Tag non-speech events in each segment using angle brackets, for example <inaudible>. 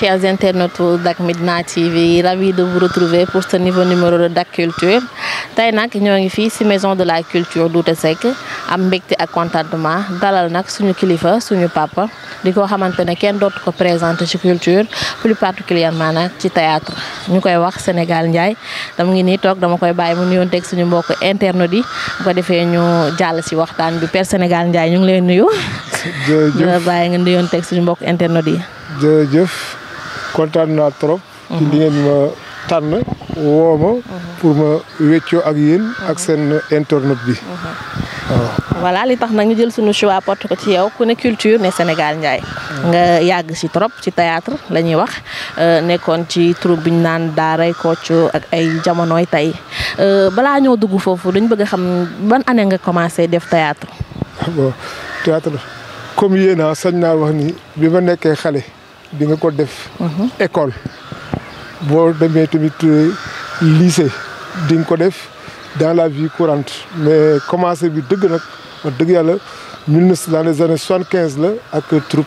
chers internautes je TV ravi de vous retrouver pour ce niveau numéro de Dak Culture Nous maison de la culture am contentement dalal suñu kilifa suñu papa culture plus particulièrement dans le théâtre nous wax Sénégal nous ngi nous dama koy mu nous suñu mbokk yi ko nous ñu jall ci waxtaan bi Père Sénégal ñu ngi lay nuyu. nga suñu mbokk kontaan naa trop. ci li ma tànn woo ma. pour ma wéccoo ak yéen ak seen internet bi. waaw li tax nag ñu jël suñu choix porte ko ci yow ku ne culture ne Sénégal Ndiaye. nga yàgg si trop ci théâtre lañuy wax euh, nekkoon ci trop bi ñu naan daaray Kocc ak ay jamonoy tey euh, balaa ñëw dugg foofu dañ bëgg a xam ban année nga commencé def théâtre. bon théâtre comme ah, sañ naa wax ni bi ma nekkee xale. di nga ko def. Mhm. école boo demee tamit euh, lycée dinga ko def dans la vie courante mais commencé bi dëgg nag wax dëgg yàlla mille neuf dans les années soixante quinze la ak troupe.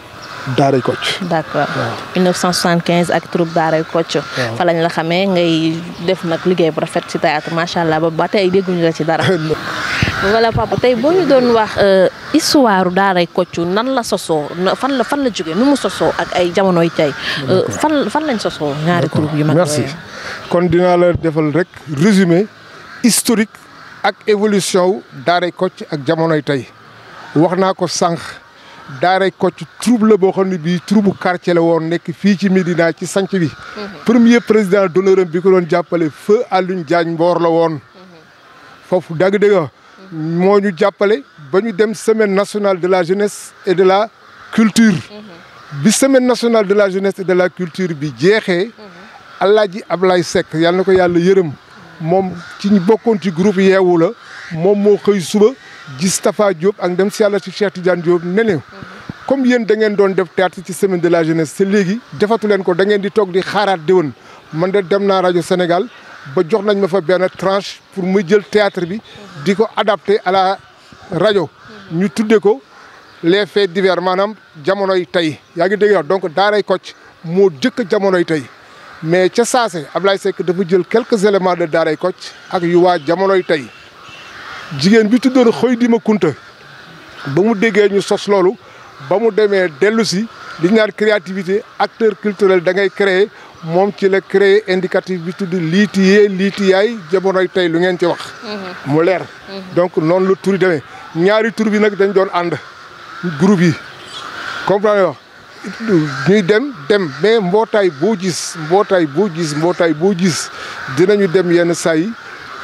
daaray Kocc. d' accord 1975 ak troupe daaray Kocc. fa lañ la xamee ngay def nag liggéey bu rafet ci théâtre macha allah ba ba tey dégguñu la ci dara. <laughs> voilà papa tey boo ñu doon wax euh, histoire daaray Kocc nan la sosoo fan la fan la jógee nu mu sosoo ak ay jamonoy tey. Euh, fan fan lañ sosoo ñaari troupe yu mag. merci kon dinaa la defal rek résumé historique ak évolution wu daaray Kocc ak jamonoy tey wax naa ko sànq daaray Kocc troupe la boo xam ne bii troupe quartier la woon nekk fii ci Médina ci sanc bi mhm. premier président d'honneur bi ko doon jàppale feu Alioune Diagne Mboor la woon mhm. foofu dëgg-dëgg mhm. moo ñu jàppale ba dem semaine nationale de la jeunesse et de la culture bi semaine nationale de la jeunesse et de la culture bi jeexee Alaaji Ablaye Seck yàlla na ko yàlla yërëm moom ci ñu bokkoon ci groupe yeewu la moom moo xëy suba gis Diop ak dem ci Yalla ci Cheikh Tidiane Diop nene comme yeen da ngeen don def théâtre ci semaine de la jeunesse c'est légui defatu len ko da ngeen di tok di xaraat xaaraat won man de dem na radio Sénégal ba jox nañ ma fa ben tranche pour mu jël théâtre bi diko adapter à la radio ñu tuddé ko les faits divers manam jamono yi tay ya nga dégg donc daaray mo jëk jamono yi tay mais ci sasse Ablaye Seck dafa jël quelques éléments de daaray Kocc ak yu wa jamono yi tay jigéen bi tuddoon xëy dima kunta ba mu déggee ñu sos loolu ba mu demee dellu si li ñu naan créativité acteur culturel da ngay créer moom ci la créer indicatif bi tudd liiti yee liiti yaay jamonoy tey lu ngeen ci wax mhm. mu leer mhm. donc noonu la tur yi demee ñaari tur bi nag dañ doon ànd group yi comprendre wax ñuy dem dem mais mbootaay boo gis mbootaay boo gis mbootaay boo gis dinañu dem yenn saa yi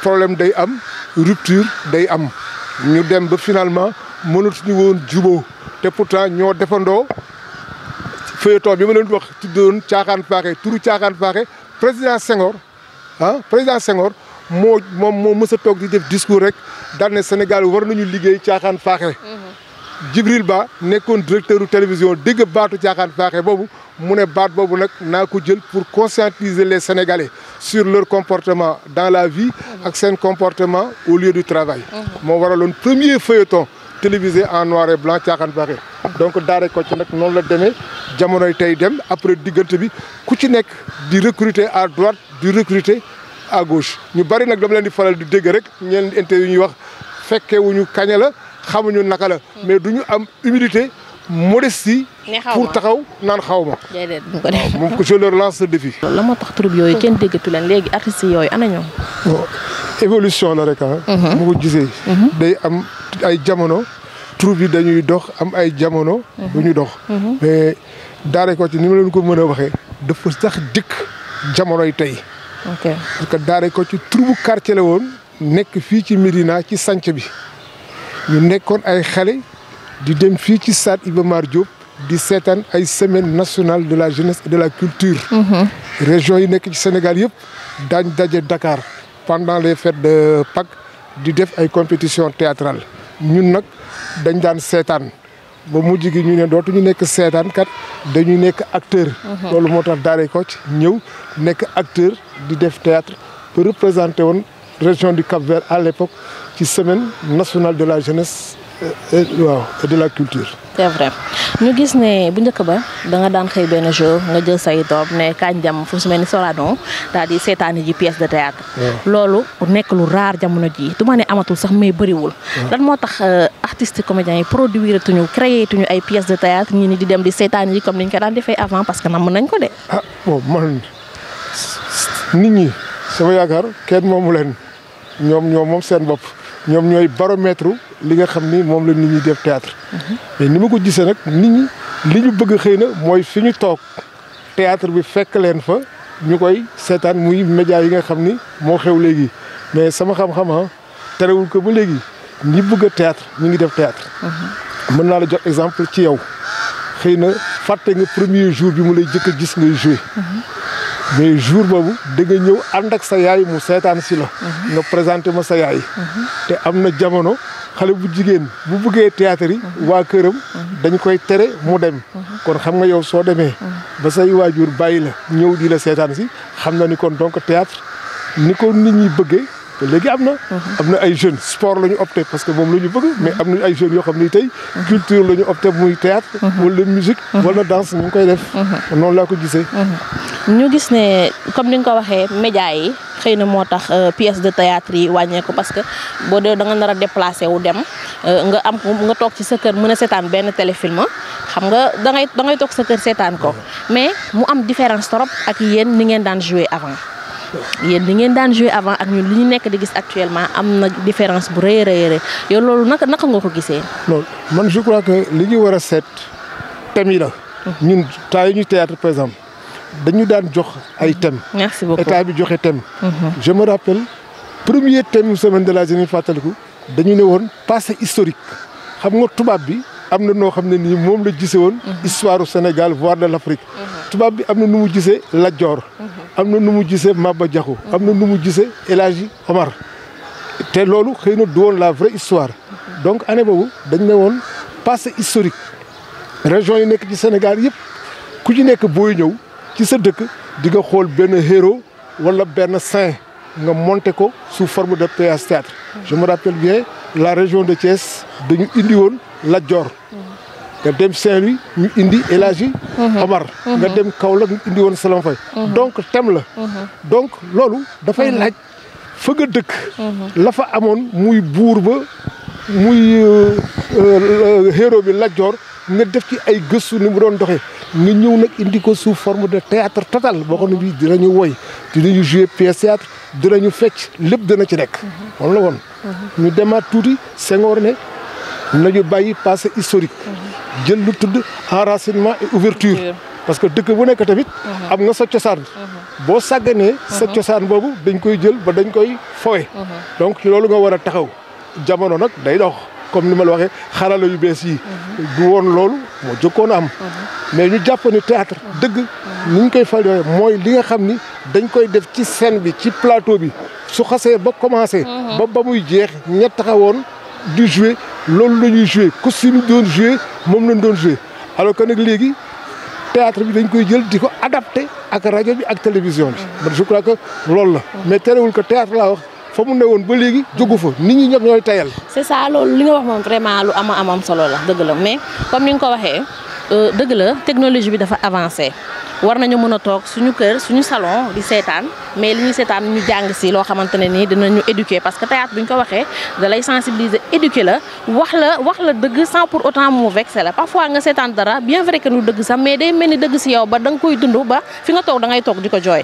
problème day am rupture day am ñu dem ba finalement mënut ñu won djubo té pourtant ño defandoo feuilleton bi ma leen wax tuddoon caaxaan faaxe turu caaxaan faaxe président Senghor hein président Senghor mo moom moo mës a di def discours rek dal né Sénégal war nañu liggéey caaxaan faaxe mhm. jibril Ba nekkoon directeur télévision dégg baatu caaxaan faaxe bobu mu ne baat boobu nag naa ko jël pour conscientiser les Sénégalais sur leur comportement dans la vie ak sen comportement au lieu du travail mhm. mo waraloon premier feuilleton télévisé en noir et blanc caaxaan baaxee donc ko ci nak non la démé jamono tay dem après diggante bi ku ci nekk di recruter à droite di recruter à gauche ñu bari nak dama leen di faral di dégg rek ñen interview ñuy wax fekkewuñu kaña la xamuñu naka la mhm. mais duñu am humilité si pour taxaw naan xaw ma. déedéet du ko def moom je leur lance la moo tax troupe yooyu kenn déggatu leen léegi artistes yooyu ana évolution la rek ah. Mhm. mu ko gisee. Mhm. day am ay jamono. dañuy dox am ay jamono. Mhm. bu ñu dox. mais ko ci ni ma leen ko mën a waxee. dafa sax dikk jamonoy tey. ok parce ko ci troupe quartier la woon. nekk fii ci Médina ci sanc bi. ñu nekkoon ay xale. di dem fi ci stade Diop semaine nationale de la jeunesse et de la culture. Mhm. région yi Sénégal Dakar pendant les fêtes de Pâques di def ay compétition théâtrale ñun nak dañ dan seetaan ba mujj gi nous ne ñu nekk seetaan kat nous nekk acteur. Mhm. loolu moo tax ñëw acteur théâtre pour représenter la région du Cap-Vert à l'époque ci semaine nationale de la jeunesse. Eh, eh, waaw de la culture c'est vrai ñu gis ne bu njëkk ba da nga daan xëy benn jour nga jël say doom ne kañ jam fu su mel ni soladon daal di seetaani ji pièce de théâtre loolu nekk lu rare jamono ji du ma ne amatul sax mais bëriwul lan moo tax euh, artiste comédien yi produire tuñu créer tuñu ay pièces de théâtre ñi ni di dem di seetaani ji comme niñ ko daan defee avant parce que nam nañ ko de ah bon man nit ñi sama yaakaar kenn moomu leen ñoom ñoom moom seen bopp ñom ñoy barométre li nga xamni mom la nit ñi def théâtre mais nima ko gissé nak nit ñi li ñu bëgg xeyna moy fiñu tok théâtre bi fekk leen fa ñukoy sétane muy média yi nga xamni mo xew légui mais sama xam-xam ah terewul ko ba légui ñi bëgg théâtre ñi ngi def théâtre mën na la jox exemple ci yow xeyna faté nga premier jour bi mu lay jëk a gis ngay jouer mais jour boobu da nga ñëw ànd ak sa yaay mu seetaan si la. nga présenté ma sa yaay. te am na jamono xale bu jigéen bu bëggee théâtre yi. waa këram dañ koy tere mu dem. kon xam nga yow soo demee. ba say waajur bàyyi la ñëw di la seetaan si xam na ni kon donc théâtre ni ko nit ñi bëggee. que léegi am na. Uh-huh. am na ay jeunes sport la ñu opté parce que moom la ñu bëgg. mais am na ay jeunes yoo xam ni tey. Uh-huh. culture la ñu muy théâtre. Uh-huh. wala musique. wala danse ñu ngi koy def. noonu laa ko gisee. ñu gis ne comme ni nga ko waxee média yi xëy na moo tax euh, pièce de théâtre yi wàññeeku parce que boo dee da nga nar a déplacé wu dem euh, nga am nga toog ci sa kër mën a seetaan benn téléfilm xam nga da ngay da ngay toog sa kër seetaan ko mais mu am différence trop ak yéen ni ngeen daan jouer avant. yéen di ngeen daan jouer avant ak ñun li ñu nekk di gis actuellement am na différence bu rëy a rëy yow loolu naka naka nga ko gisee. non man je crois que li ñu war a seet thèmes yi la. ñun temps yi ñu théâtre par exemple dañu daan jox ay thèmes. merci beaucoup état bi joxe thème. Mhm. je me rappelle premier thème semaine de la jeunesse fàttaliku dañu ne woon passé historique xam nga tubaab bi. am na noo xam ne nii moom la gisee woon. Mhm. histoire du Sénégal voire de l' Afrique. Mhm. tubaab bi am na nu mu gisee la Joor. Nous numu nu Maba numu nous nous Omar té nous xeyna du la vraie histoire donc année bobu dañ passé historique région yi Sénégal yépp ku ci nek boy ñew ci sa dëkk di nga héros wala saint nga sous forme de théâtre je me rappelle bien la région de Thiès dañu indi Dior nga dem saint bi ñu indi El Hadji mhm. Omar mhm. nga dem Kaolack ñu indi woon selon Faye mhm. donc thème la donc loolu dafay laaj fa dëkk la fa amoon muy buur ba muy euh, euh, héros bi Lat Joor nga def ci ay gëstu ni mu doon doxee nga ñëw nag indi ko suuf forme de théâtre total boo xam ne bii ñu woy dinañu jouer pièce théâtre dinañu fecc lépp dina ci nekk. wala woon. ñu demaat tuuti Senghor ne nañu bàyyi passé historique. jël lu tudd enracinement et ouverture parce que dëkk bu nekk tamit. Uh-huh. am nga sa cosaan. Uh-huh. boo sàgganee. sa uh-huh. cosaan boobu dañ koy jël ba dañ koy fowe. donc loolu nga war a taxaw jamono nag day dox comme ni ma la waxee xarala yu bees yi. du woon loolu moo jëkkoon am. mais ñu jàpp ne théâtre dëgg. ni ñu koy fal mooy li nga xam ni dañ koy def ci scène bi ci plateau bi su xasee ba commencé. ba ba muy jeex ñett taxawoon di jouer. loolu la ko si costume doon joué moom lañ doon joué alors que nag léegi théâtre bi dañ koy jël di ko adapté ak rajo bi ak télévision bi. Mm-hmm. man je crois que loolu la. Mm-hmm. mais terewul que théâtre laa wax fa mu ne ba léegi jógu fa nit ñi ñoom ñooy tayal. c'est ça loolu li nga wax moom vraiment lu ama am solo la dëgg la mais comme ni nga ko waxee euh, dëgg la technologie bi dafa avancé. war nañu mëna tok suñu kër suñu salon di sétane mais li ñuy seetaan ñu jang ci lo xamantene ni nii dinañu éduquer parce que théâtre buñ ko waxé da lay sensibiliser éduquer la wax la wax la deug sans pour autant mu vexer la parfois nga sétane dara bien vrai que nu deug sa mais day melni deug ci yow ba dang koy dund ba fi nga tok da ngay tok diko joy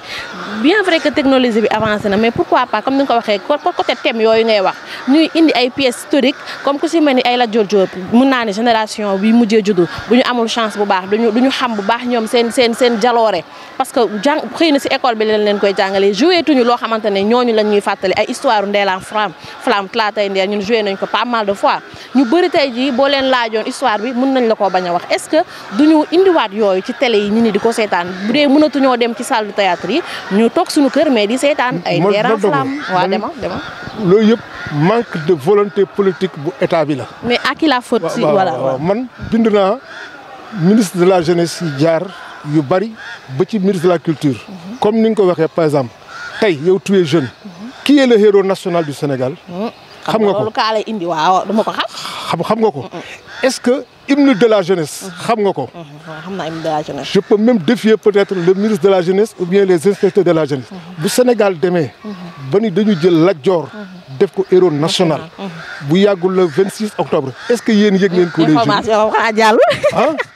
bien vrai que technologie bi avancer na mais pourquoi pas comme ni nga ko waxee côté thème yooyu ngay wax ñuy indi ay pièces historiques comme ku ci melni ay la jor jor mu naa génération bi mujjee juddu bu ñu amul chance bu baax duñu duñu xam bu baax ñom sen sen sen jaloore parce que jàng xëy école bi leen leen koy jàngalee joué tuñu loo xamante ne ñooñu lañ ñuy fàttali ay histoire Ndella Flam Flam Talatay Nder ñun joué nañ ko pas mal de fois ñu bëri tey jii boo leen laajoon histoire bi mën nañ la ko bañ a wax est-ce que duñu indiwaat yooyu ci télé yi ñu ni di ko seetaan bu dee mënatuñoo dem ci salle de théâtre yi ñu toog suñu kër mais di seetaan ay Ndella Flam waaw dema dema loolu yëpp manque de volonté politique bu état bi la mais à qui la faute si voilà man bind naa ministre de la jeunesse yi yu bari ba ci ministre de la culture. comme ni nga ko par exemple tey yow tu es jeune. qui est le héros national du Sénégal. Hmm. xam nga ko loolu nga ko hmm, hmm. est-ce que hymne de la jeunesse. xam nga ko. de la jeunesse. je peux même défier peut-être le ministre de la jeunesse ou bien les inspecteurs de la jeunesse. bu Sénégal demain, ba ni dañu jël Lat Dior. def ko héros national. bu le 26 octobre. est-ce que y a ngeen ko. les <laughs>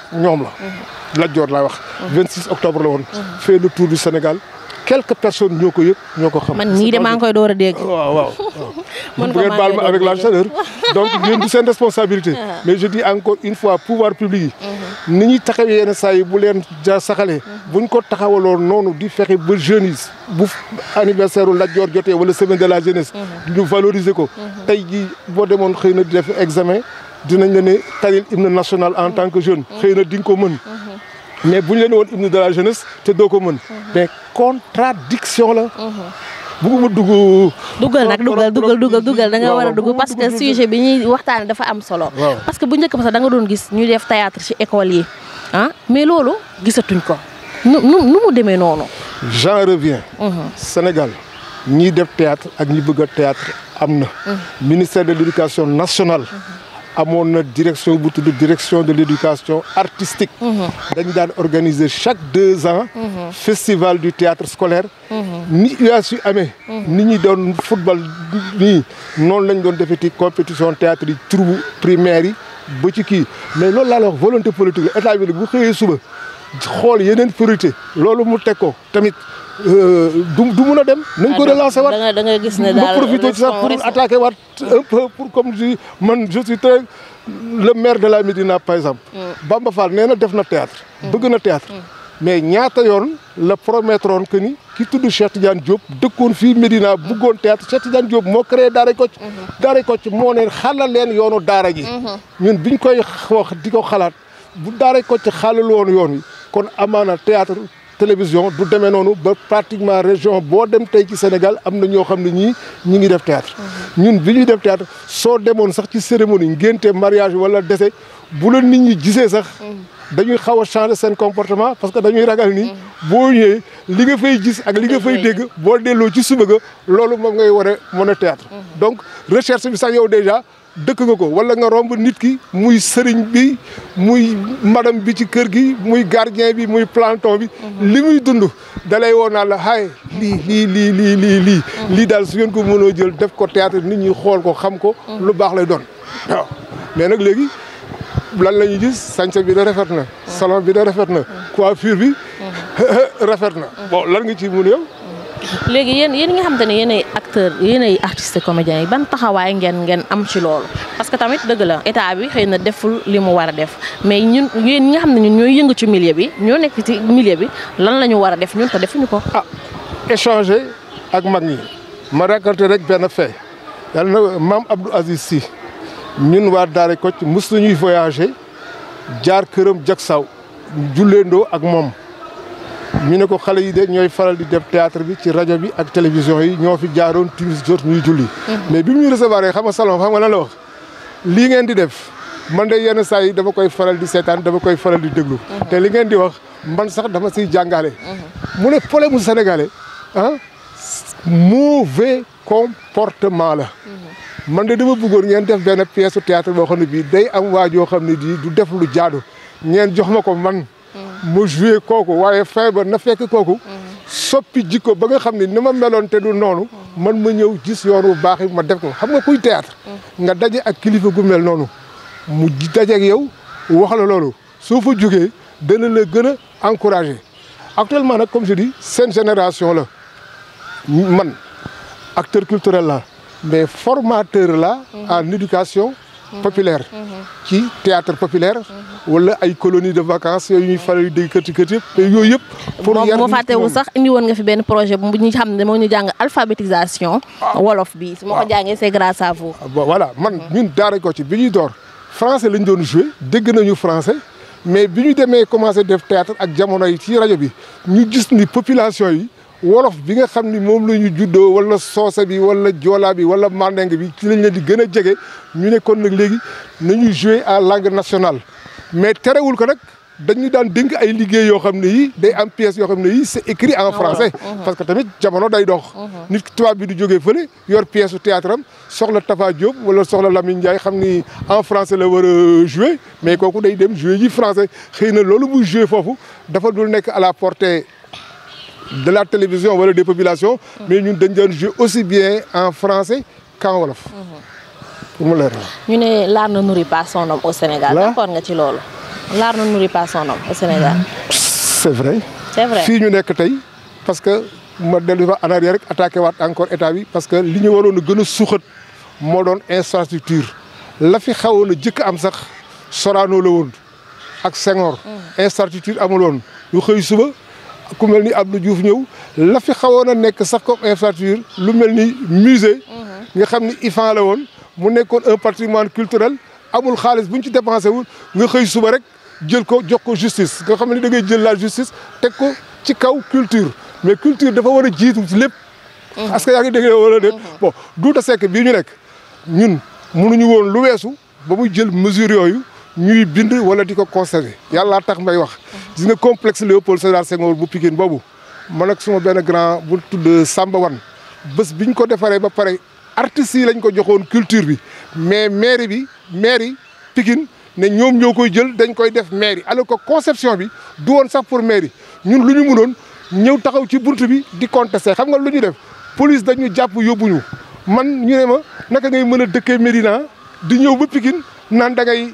ñoom la Lat wax 26 mhm. octobre la woon mhm. fait le tour du Sénégal quelques personnes nous ko nous ñoo ko xam. man ni de maa ngi koy door a dégg. waaw <laughs> man avec la chaleur. <laughs> donc ñun du seen responsabilité. Ah. mais je dis encore une fois pouvoir public mhm. ni ñuy taxawee yenn saa yi bu leen ja saxalee. buñ ko taxawaloo noonu du fexe ba jeunes bu anniversaire ou Lat Joor ou wala semaine de la jeunesse. ñu valoriser ko. tey jii boo demoon une di def examen dinañ national en tant que jeune xeyna mais leen hymne de la jeunesse ko mais contradiction la da nga parce que sujet dafa am solo parce que bu ba sax da nga doon gis ñu def théâtre ci école yi ah, mais loolu gisatuñ ko nu nu mu j'en reviens mhm. Sénégal ñi def théâtre ak ñi théâtre mhm. ministère de l'éducation nationale mhm à na direction bu direction de l'éducation artistique mhm. dañ daan organiser chaque deux ans mhm. festival du théâtre scolaire mhm. ni UASU amé ni ñi don football ni non lañ don des compétition théâtre du trou primaire ba ci ki mais lool la wax volonté politique état bi bu xëyee suba xol yeneen priorité loolu mu teg ko tamit Euh, du du mun a dem. nañ ko ah, relancer waat da nga gis ne daal profité ci sax pour attaquer waat pour comme je man je suis le maire de la Médina par exemple. Mm. Bamba Fall nee na def na théâtre. Mm. bëgg na théâtre. Mm. mais ñaata yoon la promettroon que ni ki tudd Cheikh Tidiane Diop dëkkoon fii Médina bëggoon théâtre Cheikh Tidiane Diop moo créé Daaray Kocc mm-hmm. Daaray Kocc moo ne xalal leen yoonu daara ji mm-hmm. ñun biñ koy wax di ko xalaat bu Daaray Kocc xalalwoon yoon yi kon amaana théâtre télévision du démé noonu ba pratiquement région bo dem tay ci Sénégal amna na ñoo xam ne ñi ngi def théâtre ñun biñu def théâtre so demoon sax ci cérémonie ngénte mariage wala décès bu la nit ñi gisee sax dañuy xawa changer sen comportement parce que dañuy ragal ni bo ñëwee li nga fay gis ak li nga fay dégg bo délo ci suba ga lolu mom ngay war a théâtre mm-hmm. donc recherche bi sax yow déjà dëkk nga ko wala nga romb nit ki muy sëriñ bi muy madame bi ci kër gi muy gardien bi muy planton bi. Mhm. li muy dund dalay woon naa la xay lii lii lii lii mhm. lii daal su ngeen ko mënoo jël def ko théâtre nit ñi xool ko xam ko. Mhm. lu baax lay doon waaw mais nag léegi. lan lañuy ñuy gis sànce bi da rafet na. salon bi da rafet na. coiffure bi. <laughs> rafet na bon lan nga ci mun yow. léegi yéen yéen nga xamante ne yéen ay acteurs yéen ay artistes comédiens yi ban taxawaay ngeen ngeen am ci loolu parce que tamit dëgg la état bi xëy na deful li mu war a def mais ñun yéen ñi nga xam ne ñun ñooy yëngu ci millier bi ñoo nekk ci milieu bi lan la ñu war a def ñun te defuñu ko. ah échanger ak mag ñi ma raconté rek benn fait yàlla na maam Abdou Aziz si ñun waa Daara Kocc mos nañuy voyager jaar këram jak saw julleendoo ak moom. ñu ne ko xale yi de ñooy faral di def théâtre bi ci rajo bi ak télévision yi ñoo fi jaaroon timis jot ñuy julli. Mhm. mais bi mu ñu recevoir xam nga salon xam nga lan la wax lii ngeen di def man de yenn saa yi dama koy faral di seetaan dama koy faral di déglu. Mhm. te li ngeen di wax man sax dama siy jàngale. Mhm. mu ne pole mu sénégalais ah mauvais comportement la. man de dama bëggoon ngeen def benn pièce théâtre boo xam ne bii day am waajoo xam ne bii du def lu jaadu ngeen jox ma ko man. mu joué kooku waaye feebar na fekk kooku soppi jikko ba nga xam ne ni ma meloon te du noonu man ma ñëw gis yoonu baax yi ma def ko xam nga kuy théâtre nga daje ak kilifa gu mel noonu mu daje ak yow wax la loolu soo fa jógee dana la gën a encouragé actuellement nag comme je seen génération la man acteur culturel la mais formateur la en éducation populaire ci théâtre populaire wala ay colonies de vacances yooyu ñuy faral di dégg kërti kërti yëpp te yooyu pour yar moo fàttewu sax indi won nga fi ben projet bu ñu xamné mo ñu jang alphabétisation ah. wolof bi su ma ko ah. jàngee c'est grâce à vous ah, bah, voilà man ñun daara ko ci biñu dor door français lañ doon jouer dégg nañu français mais biñu démé commencer def théâtre ak jamono yi ci radio bi ñu gis ni population yi wolof bi nga xamni mom lañu la wala sosa bi wala joolaa bi wala mandeng bi ci lañu di gëna a ñu ne kon nag léegi nañu jouer à langue nationale. mais téréwul ko nak dañu daan dénk ay liggéey yo xam yi day am pièce yo xam ne yi c'est écrit en français. Ah parce que tamit jamono day dox. Ah nit ki tubaab bi du joggé fële yor pièce su théâtre am soxla Tafa Diop wala soxla Lamine Ndiaye xamni en français la wara jouer mais koku day dem jouer yi français xeyna lolu bu jouer fofu dafa dul nekk à la portée de la télévision wala des populations. mais ñun dañ doon jouer aussi bien en français qu'en wolof. pour mu leer ñu ne l'art ne nourrit pas son homme au Sénégal. d'accord nga ci loolu. l'art ne nourrit pas son homme au Sénégal. c'est vrai. c'est vrai fii ñu nekk tey parce que ma dellu fa en arrière rek attaqué encore état bi parce que li ñu waroon a gën a suuxat infrastructure la fi xawoon a jëkk am sax Sorano la woon ak Senghor. Mm. infrastructure amul woon yu xëy suba. ku mel ni Abdou Diouf ñëw la fi xawoon a nekk sax comme infrastructure lu mel ni musée. Mhm. nga xam ni IFAN la woon mu nekkoon un patrimoine culturel amul xaalis bu ñu ci dépensé wul nga xëy suba rek jël ko jox ko justice nga xam ni da ngay jël la justice teg ko ci kaw culture mais culture dafa war a jiitu ci lépp. parce mhm. que yaa ngi déggee wala déet. Mhm. bon Douta Seck bii ñu nekk ñun mënuñu woon lu weesu ba muy jël mesure yooyu. ñuy bind wala di ko conserver yàlla tax may wax. gis nga complexe Léopold Sédar Senghor bu Pikine boobu man ak suma benn grand bu tudd Samba Wan bés biñ ko defaree ba pare artistes yi lañ ko joxoon culture bi mais mairie bi mairie Pikine ne ñoom ñoo koy jël dañ koy def mairie alors ko conception bi du woon sax pour mairie ñun lu ñu mënoon ñëw taxaw ci bunt bi di contester xam nga lu ñu def police dañu jàpp yóbbuñu man ñu ne ma naka ngay mën a dëkkee Médina di ñëw ba Pikine ngay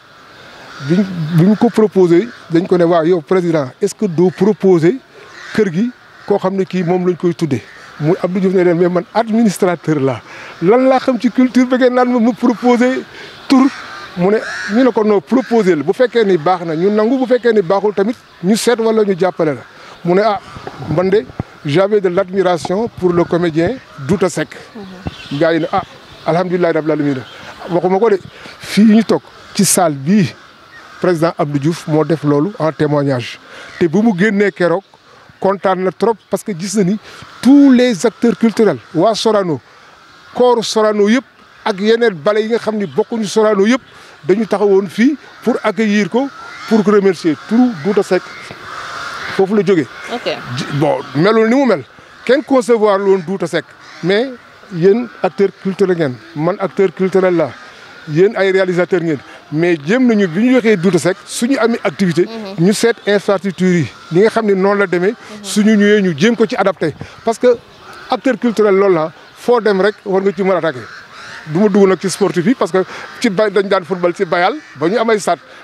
biñ ko proposé dañ ko né wa yow président est-ce que do proposé kër gi ko xamné ki mom moom lañ koy tuddé muy Abdou Diouf ne leen mais man administrateur laa lan la xam ci culture ba ngeen ma mu proposé tour mu né ñu ne ko noo proposé bu fekkee ni baax na ñu nangu bu fekkee ni baxul tamit ñu sét wala ñu jappalé la mu né ah man de j'avais de l'admiration pour le comédien Douta sek mm-hmm. gars yi ah alhamdoulillah rabbil alamin waxuma ko de fii ñu tok ci salle bi président Abdou Diouf moo def loolu en témoignage te bu mu génnee keroog kontaan trop parce que gis na ni tous les acteurs culturels wa Sorano corps Sorano yëpp ak yeneen bale yi nga xam ni bokkuñu Sorano yëpp dañu taxawoon fii pour accueillir ko pour remercier tout Douta sec foofu la jógee. bon melul ni mu mel kenn concevoir loon Douta sec? mais un acteur culturel ngeen man acteur culturel la a ay réalisateur ngeen. mais jéem nañu bi ñu joxee Douta Seck suñu amee activité mhm. ñu seet infrastructure yi li nga xam ne noonu la demee mhm. suñu ñëwee ñu jéem ko ci adapté parce que acteur culturel loolu la foo dem rek war nga ci mën a attaqué du ma dugg nag ci sportif yi parce que ci bay dañ daan football ci bayal ba ñu amay sat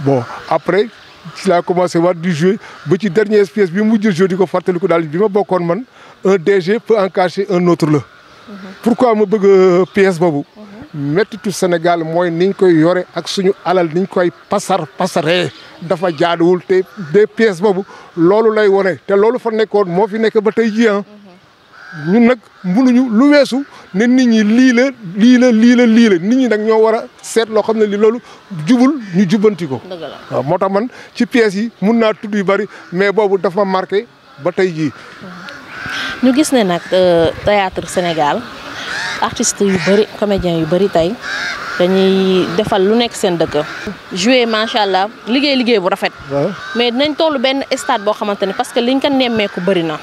bon après il a commencé à voir du jeu. ci dernière pièce bi ko man un DG peut en cacher un autre mhm. Pourquoi pourquoi veux bëgg euh, pièce mhm. tout tout Sénégal niñ je suis ak suñu alal te des pièces lay te pas, ñun nag mënuñu lu weesu ne nit ñi lii la lii la lii la lii la nit ñi nag ñoo war a seet loo xam ne li loolu jubul ñu jubbanti ko. waaw moo tax man ci pièces yi mun naa tudd yu bari mais boobu dafa marqué ba tey jii. ñu gis ne nag euh, théâtre Sénégal artistes yu bari comédiens yu bari tey dañuy defal lu nekk seen dëkk. jouer macha allah liggéey liggéey bu rafet. mais dinañ toll benn stade boo xamante ne parce que liñ ko nemmeeku bari na.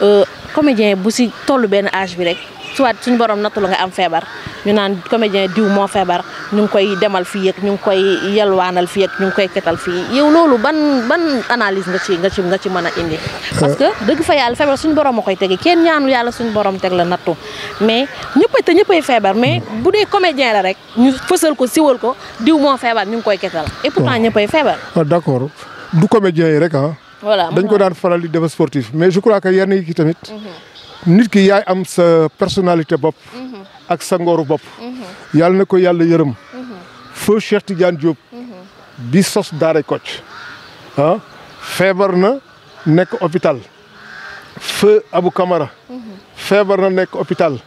Euh, comédien bu si toll benn age bi rek soit suñu borom nattu la nga am feebar ñu naan comédien diw moo feebar ñu ngi koy demal fii ak ñu ngi koy yalwaanal fii ak ñu ngi koy ketal fii yow loolu ban ban analyse nga ci nga ci nga ci mën a indi. parce que dëgg fa yàlla feebar suñu borom a koy tegi kenn ñaanu yàlla suñ borom teg la nattu mais ñëppay te ñëppay feebar mais bu dee comédien la rek ñu fësal ko siwal ko diw moo feebar ñu ngi koy ketal. et pourtant ñëppay feebar. ah d'accord du comédien yi rek ah. voilà dañ ko daan faral di def sportif mais je crois que yenn yi ki tamit. Mhm. nit ki yaay am sa personnalité bopp. Mhm. ak sa ngooru bopp. Mhm. yàlla na ko yàlla yërëm. feu Cheikh Tidiane Diop. bi sos Daaray Kocc ah, feebar na nekk hôpital. feu Abou Camara. feebar na nekk hôpital.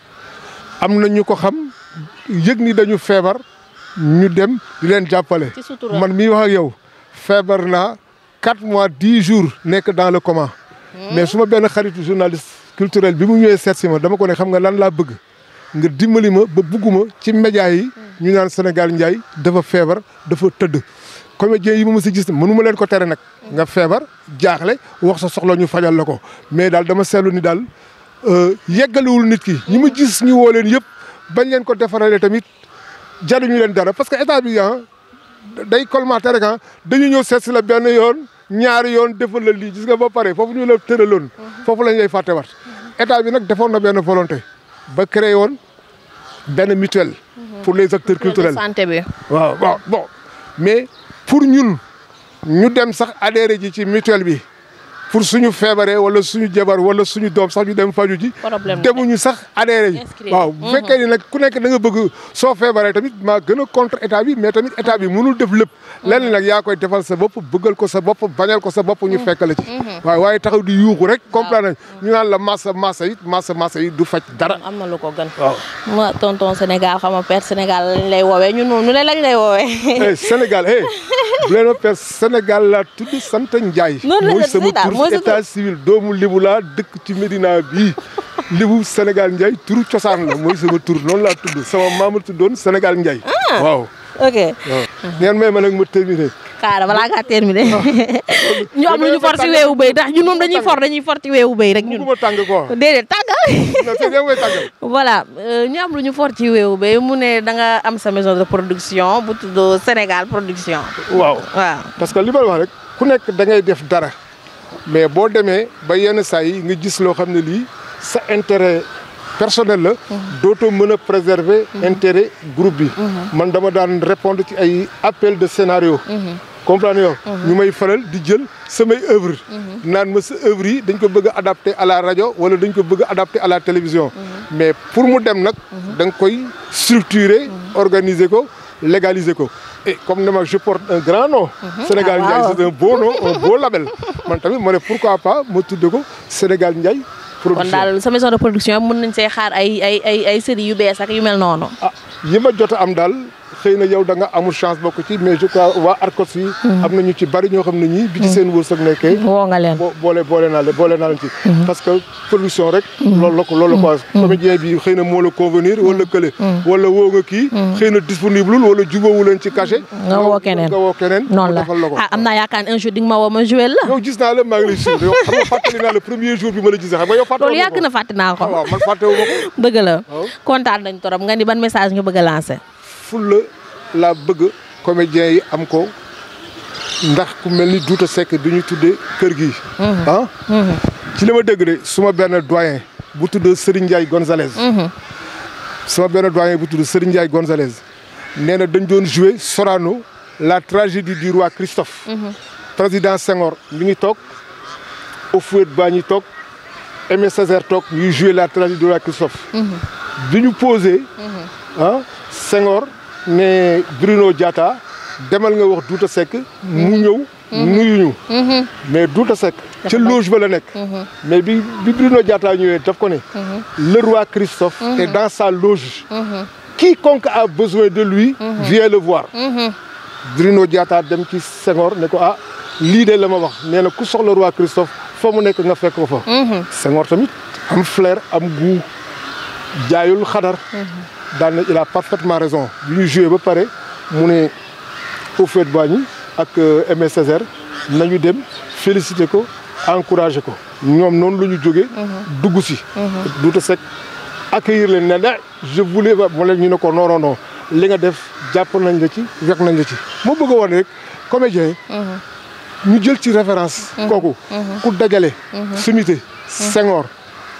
am na ñu ko xam yëg ni dañu feebar ñu dem di leen jàppale. man mi wax ak yow feebar naa. quatre mois dix jours nekk dans le coma. mais su ma benn xaritu journaliste culturel bi mu ñëwee seetsi ma dama ko ne xam nga lan laa bëgg nga dimbali ma ba bugguma ci média yi. ñu naan Sénégal Ndiaye dafa feebar dafa tëdd. comédien yi ma si gis mënu ma leen ko tere nag. nga feebar jaaxle wax sa soxla ñu fajal la ko mais daal dama seetlu ni daal euh, yeggalewul nit ki. ñu ma gis ñu woo leen yëpp bañ leen ko defarale tamit jaruñu leen dara parce que état bi ah day colmaté rek ah dañu ñëw seet si la benn yoon. ñaar yoon defal la lii gis nga ba paré fofu ñu la fofu lañ lay faté wat état bi nak defon na ben volonté ba créé won ben mutuelle. pour les acteurs culturels santé bi. waaw bon mais pour ñun ñu dem sax adhérer ji ci mutuelle bi. pour suñu feebaree wala suñu jabar wala suñu dom sax ñu dem faju ji demuñu sax adéré waaw bu mhm. ni nak ku nekk da nga bëgg so tamit ma gëna contre état bi mais tamit état bi mënul def lepp mhm. lenn nak ya koy défal sa bopp bëggal ko sa bop bañal ko sa bop ñu mhm. fekk ci waaw taxaw di rek ñu la massa massa yi massa massa yi du dara gën waaw ma tonton Sénégal père Sénégal lañ lay lañ lay eh, Sénégal eh. <laughs> père Sénégal la mooy état civil doomu Lebu laa dëkk ci Medina bii Lebu Sénégal Ndiaye turu cosaan la mooy sama tur noonu laa tudd sama maam tuddoon Sénégal Ndiaye. Ah. waaw ok. ngeen may ma nag ma terminé. kaara balaa ngaa terminé ah. <laughs> ñu am lu ñu for ci weewu béy ndax ñun moom dañuy for dañuy for ci weewu béy rek ñun. mu ma tàng ko déedéet tàngal. <laughs> voilà euh, ñu am lu ñu for ci weewu mu ne da nga am sa maison de production bu tudd Sénégal production. waaw waaw parce que li ma wax rek ku nekk da def dara. mais bo démé ba yenn saa nga gis lo xamné li sa intérêt personnel la doto mëna préserver intérêt groupe bi man dama daan répondre ci ay appel de scénario comprendre ñu may faral di jël samay œuvre nan ma sa œuvre yi dañ ko bëgg adapter à la radio wala dañ ko bëgg adapter à la télévision mais pour mu dem nak dang koy structurer organiser ko légaliser ko et eh, comme je porte un grand nom. Mhm. Sénégal ah, Ndiaye c'est un beau nom un beau label. Je me ma pourquoi pas je tudd Sénégal Ndiaye. production kon sa maison de production mën ne see xaar ay ay ay ay série yu bees ak yu mel ah xëy na yow da nga amul chance bokk ci mais je crois waa ARCOS yi hmm. am na ñu ci bari ñoo xam na ñii bi ci hmm. seen wërsëg nekkee woo nga leen boole boole naa leen boole naa leen ci hmm. parce que production rek loolu la ko loolu la ko comédien bi la convenir wala kële wala woo nga kii xëy na disponible ci cachet nga woo keneen nga ah, naa yaakaar un jour woo ma joué la yow gis na fàtte naa ko ah, waaw man fàttewu ma <laughs> nañ torop nga ni ban message nga bëgg a lancer La la bëgg comédien yi am ko ndax ku melni ni sec Seck tuddé ñu tuddee kër gi mhm. Ah? Mhm. ci li ma suma ben doyen bu tuddé Serigne Ndiaye Gonzalez mhm. suma ben doyen bu tuddé Serigne Gonzalez néna dañ doon jouer Sorano la tragédie du roi Christophe président Senghor mi ngi tok au fouet baa ñuy toog Aimé Césaire jouer la tragédie du roi Christophe bi poser hein Senghor mais Bruno Diatta demal nga wax Douta sec, mu ñëw nuyu mais Douta sec, c'est loge ba la mhm. mais bi Bruno Diatta ñëwee daf ko ne mhm. le roi Christophe mhm. est dans sa loge quiconque a besoin de lui vient le voir Bruno Diatta dem ci s'engorge ne ko ah lii de la mais le nee na ku roi Christophe fa mu nekk nga fekk c'est fa Senghor am flair am goût jaayul xadar daal na il a parfaitement raison bi ñu joué ba mon mu fait Houphouët-Boigny ak euh, Aimé Césaire dem féliciter ko encourager ko nous non la ñu jouer, mhm. dugg si mhm. Douta accueillir les ne da je voulais mo leen ñu ne ko non non non li nga def jàpp nañ la ci wek nañ la ci moo bëgg a wane rek comédien mhm. ñu jël ci référence kooku ku dajale sommité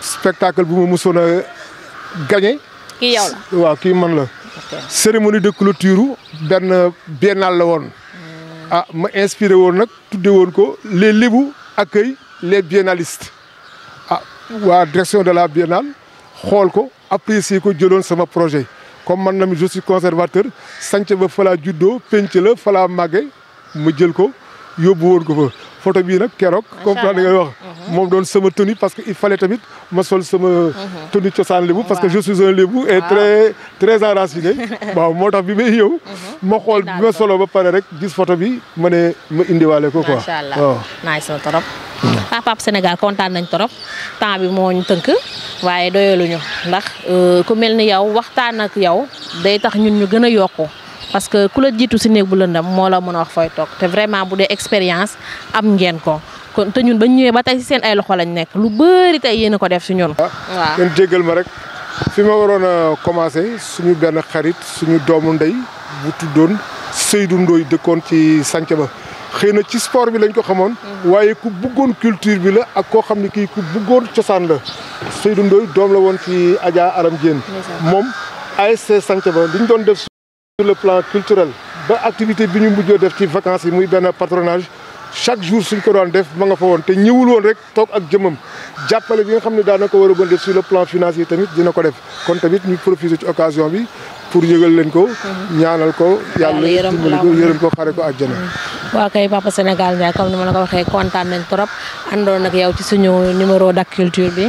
spectacle bu ma mosoon a gagné. kii yow la waaw kii man la. cérémonie de clôture benn biennale la woon. Hmm. ah ma inspiré woon nag tudde woon ko les Lébou accueille les biennalistes ah waa direction de la biennale xool ko apprécier ko jëloon sama projet comme man na mi josi suis conservateur sanc ba falaa laa juddoo penc la fa laa màgge ma jël ko yóbbu woon ko fa photo bi nak kérok comprendre li ngay wax mom mhm. don sama tenue parce que il fallait tamit ma sol sama mhm. tenue cosaan lébu parce que je suis un lébu et très très enraciné <laughs> waaw motax bi may yow mhm. ma xol bi ma solo ba paré rek gis photo bi mané ma indi walé ko quoi macha allah waaw nice na trop hmm. ah Sénégal contane nañ torop temps bi moo teunk tënk waaye doyaluñu ndax euh, ku melni ni yow waxtaan ak yow day tax ñun ñu gëna yokko parce que ku la jiitu si néeg bu lëndam moo la mën a wax fooy toog te vraiment bu dee expérience am ngeen ko kon te ñun ba ñu ñëwee ba tey si seen ay loxo lañ nekk lu bari tey yéen a ko def si ñun. Ah, waaw ngeen jéggal ma rek fi ma waroon commencé suñu benn xarit suñu doomu ndey bu tuddoon Seydou Ndoye dëkkoon ci sanc ba. xëy na ci sport bi lañ ko xamoon. Mm-hmm. waaye ku bëggoon culture bi la ak koo xam ne kii ku bëggoon cosaan la. Seydou Ndoye doom la woon ci Adja Aram Dieng. moom ASC Sànq ba li doon def. sur le plan culturel ba activité bi ñu mujjoo def ci vacances yi muy benn patronage chaque jour suñ ko daan def ma nga fa woon te ñëwul woon rek toog ak jëmam jàppale bi nga xam ne daana ko war a mën def sur le plan financier tamit dina ko def kon tamit ñu profiter ci occasion bi pour yëgal leen ko ñaanal ko yàlla yërëm ko yërëm ko xare ko àjjana waa kay papa Sénégal Ndiaye comme ni ma la ko waxee kontaan nañ trop àndoon ak yow ci suñu numéro d'actualité bi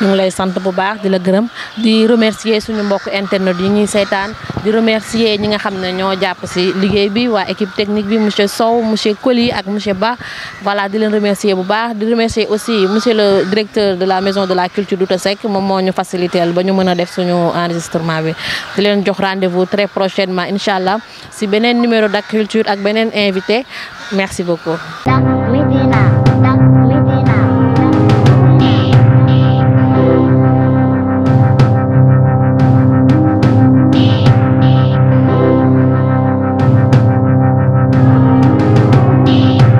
ñu ngi lay sant bu baax di la gërëm di remercier suñu mbokk internet yi ñuy saytaan di remercier ñi nga xam ne ñoo jàpp si liggéey bi waa équipe technique bi monsieur Sow monsieur Coly ak monsieur Ba voilà di leen remercier bu baax di remercier aussi monsieur le directeur de la maison de la culture Douta Seck moom moo ñu facilité ba ñu mën a def suñu enregistrement bi di leen jox rendez-vous très prochainement incha allah si beneen numéro d'actualité ak beneen invité merci beaucoup